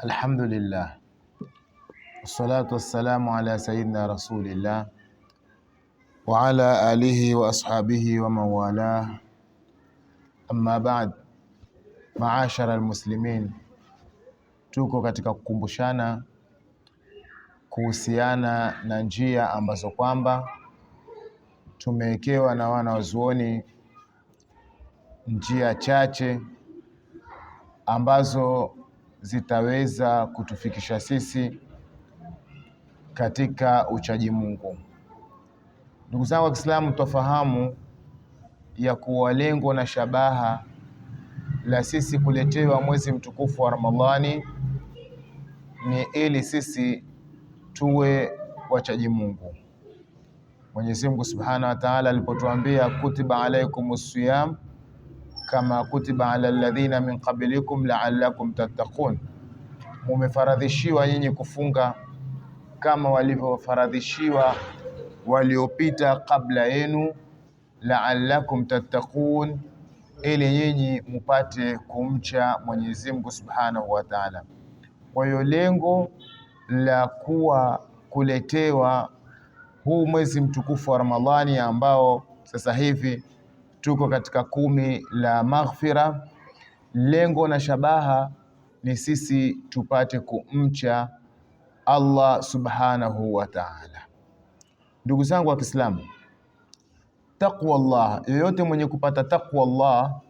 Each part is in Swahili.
Alhamdulillah, wassalatu wassalamu ala sayidina rasulillah wa ala alihi wa ashabihi wa man amma ba'd. Maashara almuslimin, tuko katika kukumbushana kuhusiana na njia ambazo kwamba tumewekewa na wana wazuoni, njia chache ambazo zitaweza kutufikisha sisi katika uchaji Mungu. Ndugu zangu wa Kiislamu, twafahamu ya kuwa lengo na shabaha la sisi kuletewa mwezi mtukufu wa Ramadhani ni ili sisi tuwe wachaji Mungu. Mwenyezi Mungu Subhanahu wa Ta'ala alipotuambia kutiba alaikum siyam kama kutiba ala alladhina min qablikum la'allakum tattaqun, mumefaradhishiwa nyinyi kufunga kama walivyofaradhishiwa waliopita kabla yenu, la'allakum tattaqun, ili nyinyi mupate kumcha Mwenyezi Mungu Subhanahu wa Ta'ala. Kwa hiyo lengo la kuwa kuletewa huu mwezi mtukufu wa Ramadhani ambao sasa hivi tuko katika kumi la maghfira. Lengo na shabaha ni sisi tupate kumcha Allah subhanahu wa ta'ala. Ndugu zangu wa Kiislamu, taqwa Allah, yoyote mwenye kupata taqwa Allah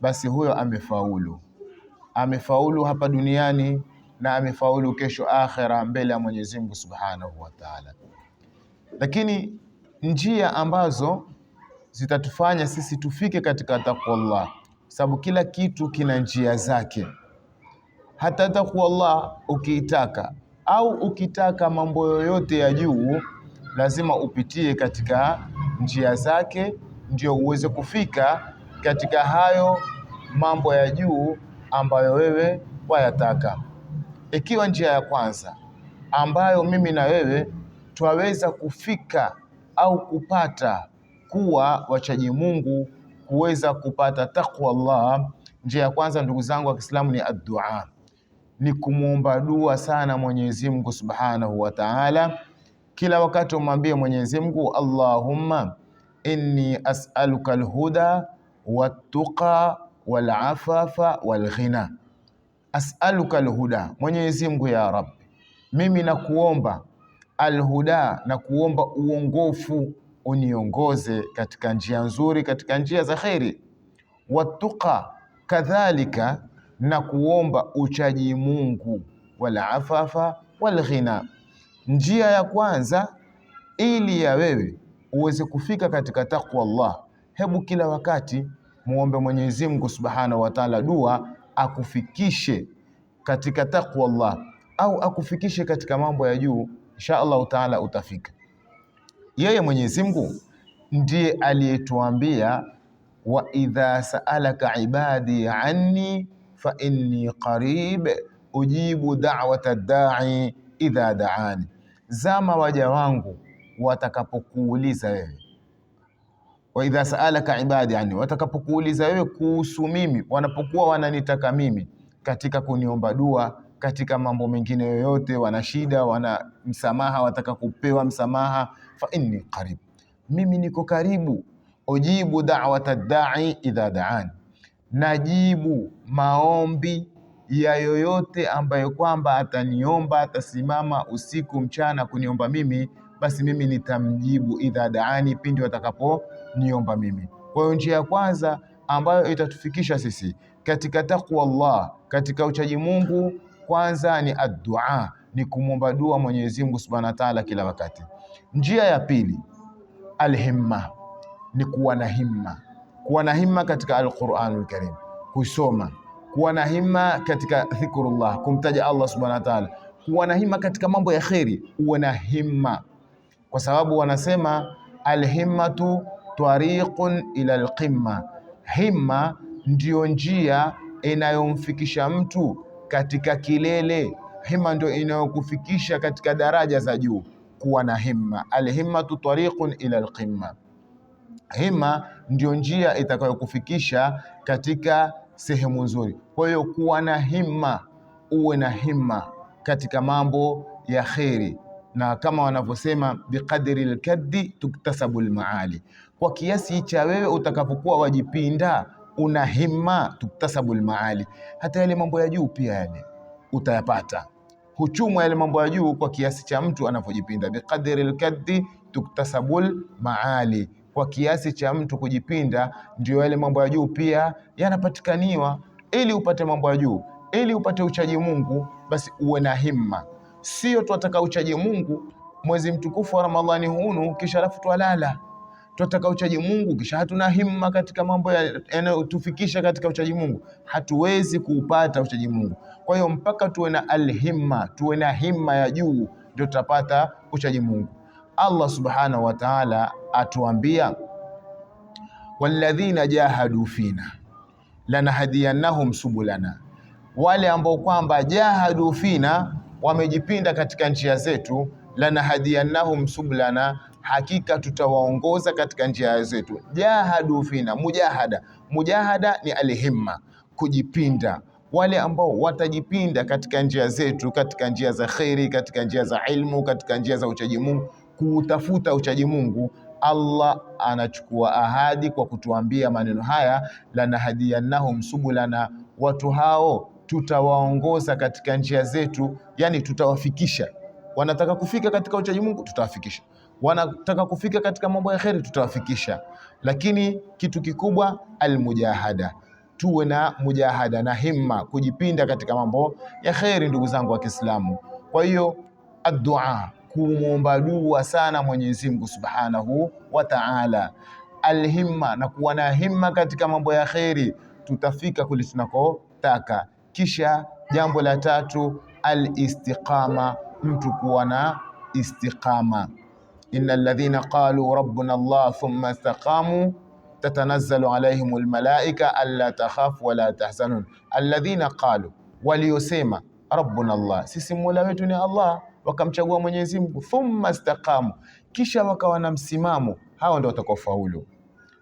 basi huyo amefaulu, amefaulu hapa duniani na amefaulu kesho akhera, mbele ya Mwenyezi Mungu subhanahu wa ta'ala. Lakini njia ambazo zitatufanya sisi tufike katika Allah, sababu kila kitu kina njia zake. Hata Allah ukiitaka au ukitaka mambo yoyote ya juu, lazima upitie katika njia zake, ndio uweze kufika katika hayo mambo ya juu ambayo wewe wayataka. Ikiwa njia ya kwanza ambayo mimi na wewe twaweza kufika au kupata kuwa wachaji Mungu, kuweza kupata takwa Allah. Njia ya kwanza ndugu zangu wa Kiislamu ni addua, ni kumwomba dua sana Mwenyezi Mungu Subhanahu wa Ta'ala. Kila wakati umwambie Mwenyezi Mungu, Allahumma inni as'aluka alhuda wattuqa walafafa walghina. As'aluka alhuda, Mwenyezi Mungu ya Rabbi, mimi nakuomba alhuda, nakuomba uongofu uniongoze katika njia nzuri, katika njia za kheri. Watuqa, kadhalika na kuomba uchaji Mungu, walafafa walghina. Njia ya kwanza ili ya wewe uweze kufika katika takwa Allah, hebu kila wakati muombe Mwenyezi Mungu Subhanahu wa Ta'ala dua akufikishe katika takwa Allah au akufikishe katika mambo ya juu. Insha Allahu Taala utafika. Yeye Mwenyezi Mungu ndiye aliyetuambia wa idha saalaka ibadi anni fa inni qarib ujibu da'wata da'i idha da'ani, zama waja wangu watakapokuuliza wewe. Wa idha saalaka ibadi anni, watakapokuuliza wewe kuhusu mimi, wanapokuwa wananitaka mimi katika kuniomba dua katika mambo mengine yoyote, wana shida, wana msamaha, wataka kupewa msamaha, fa inni qarib, mimi niko karibu. Ujibu da'wata da'i idha da'an, najibu maombi ya yoyote ambayo kwamba ataniomba, atasimama usiku mchana kuniomba mimi, basi mimi nitamjibu idha daani, pindi watakaponiomba mimi. Kwa hiyo njia ya kwanza ambayo itatufikisha sisi katika taqwa Allah, katika uchaji Mungu kwanza ni addua, ni kumwomba dua Mwenyezi Mungu Subhanahu wa Ta'ala kila wakati. Njia ya pili alhimma, ni kuwa na himma, kuwa na himma katika Alquranul Karim, kusoma, kuwa na himma katika dhikrullah, kumtaja Allah Subhanahu wa Ta'ala, kuwa na himma katika mambo ya kheri, uwe na himma, kwa sababu wanasema alhimmatu tariqun ila alqimma, himma ndiyo njia inayomfikisha mtu katika kilele. Himma ndio inayokufikisha katika daraja za juu. Kuwa na himma, alhimmatu tariqun ila alqimma, himma ndio njia itakayokufikisha katika sehemu nzuri. Kwa hiyo kuwa na himma, uwe na himma katika mambo ya kheri, na kama wanavyosema biqadri lkaddi tuktasabu lmaali, kwa kiasi cha wewe utakapokuwa wajipinda una himma tuktasabu maali, hata yale mambo ya juu pia yale utayapata. Huchumwa yale mambo ya juu kwa kiasi cha mtu anavyojipinda. Biqadri lkaddi tuktasabu maali, kwa kiasi cha mtu kujipinda ndio yale mambo ya juu pia yanapatikaniwa. Ili upate mambo ya juu, ili upate uchaji Mungu, basi uwe na himma. Sio twataka uchaji Mungu mwezi mtukufu wa Ramadhani hunu, kisha alafu twalala twataka uchaji Mungu, kisha hatuna himma katika mambo yanayotufikisha katika uchaji Mungu, hatuwezi kuupata uchaji Mungu. Kwa hiyo mpaka tuwe na alhimma, tuwe na himma ya juu, ndio tutapata uchaji Mungu. Allah subhanahu wa ta'ala atuambia, walladhina jahadu fina lanahdiannahum subulana, wale ambao kwamba jahadu fina, wamejipinda katika njia zetu, lanahdiannahum subulana hakika tutawaongoza katika njia zetu. Jahadu fina, mujahada. Mujahada ni alhimma, kujipinda wale ambao watajipinda katika njia zetu, katika njia za kheri, katika njia za ilmu, katika njia za uchaji Mungu, kuutafuta uchaji Mungu. Allah anachukua ahadi kwa kutuambia maneno haya, lanahadiyannahum subulana, watu hao tutawaongoza katika njia zetu, yani tutawafikisha. Wanataka kufika katika uchaji Mungu, tutawafikisha wanataka kufika katika mambo ya kheri, tutawafikisha. Lakini kitu kikubwa almujahada, tuwe na mujahada na himma, kujipinda katika mambo ya kheri, ndugu zangu wa Kiislamu. Kwa hiyo addua, kumwomba dua sana Mwenyezi Mungu Subhanahu wa Ta'ala, alhimma, na kuwa na himma katika mambo ya kheri, tutafika kule tunakotaka. Kisha jambo la tatu alistiqama, mtu kuwa na istiqama inna alladhina qalu rabbuna Allah thumma istaqamu tatanazzalu alaihim almalaika alla takhafu wala tahzanun. Alladhina qalu, waliosema rabbuna Allah, sisi mola wetu ni Allah, wakamchagua Mwenyezi Mungu. Thumma istaqamu, kisha wakawa na msimamo, hao ndio watakaofaulu.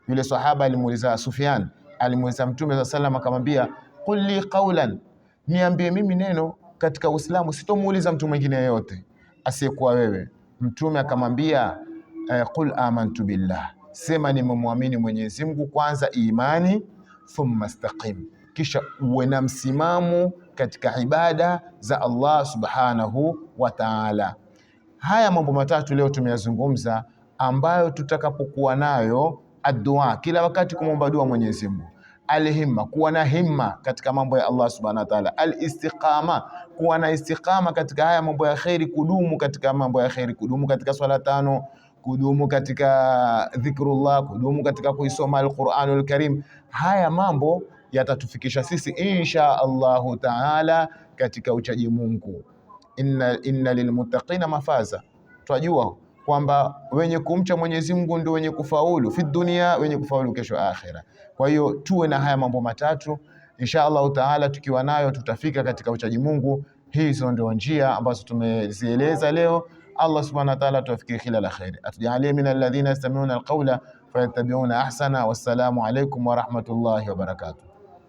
Yule sahaba alimuuliza Sufyan, alimuuliza Mtume sallallahu akamwambia qul li qawlan, niambie mimi neno katika Uislamu, sitomuuliza mtu mwingine yeyote asiyekuwa wewe Mtume akamwambia eh, qul amantu billah, sema nimemwamini Mwenyezi Mungu kwanza imani, thumma staqim kisha uwe na msimamo katika ibada za Allah subhanahu wa ta'ala. Haya mambo matatu leo tumeyazungumza, ambayo tutakapokuwa nayo addua kila wakati kumwomba dua Mwenyezi Mungu alhimma, kuwa na himma katika mambo ya Allah subhanahu wa ta'ala. Alistiqama, kuwa na istiqama katika haya mambo ya kheri, kudumu katika mambo ya kheri, kudumu katika swala tano, kudumu katika dhikrullah, kudumu katika kuisoma alquranul karim. Haya mambo yatatufikisha sisi insha Allahu taala katika uchaji Mungu. Inna, inna lilmuttaqina mafaza, twajua kwamba wenye kumcha Mwenyezi Mungu ndio wenye kufaulu fi dunia, wenye kufaulu kesho akhira. Kwa hiyo tuwe na haya mambo matatu insha Allahu taala, tukiwa nayo tutafika katika uchaji Mungu. Hizo ndio njia ambazo tumezieleza leo. Allah subhanahu wa ta'ala, tuwafikie kila la kheri, atujalie min alladhina yastami'una alqawla fayattabi'una ahsana. Wassalamu alaykum wa rahmatullahi wa barakatuh.